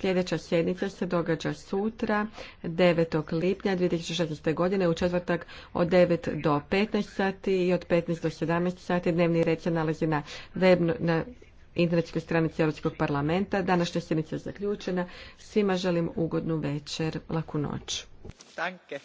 Sljedeća sjednica se događa sutra, 9. lipnja 2016. godine, u četvrtak od 9 do 15 sati i od 15 do 17 sati. Dnevni red se nalazi na, web, na internetskoj stranici Europskog parlamenta. Današnja sjednica je zaključena. Svima želim ugodnu večer, laku noć. Danke.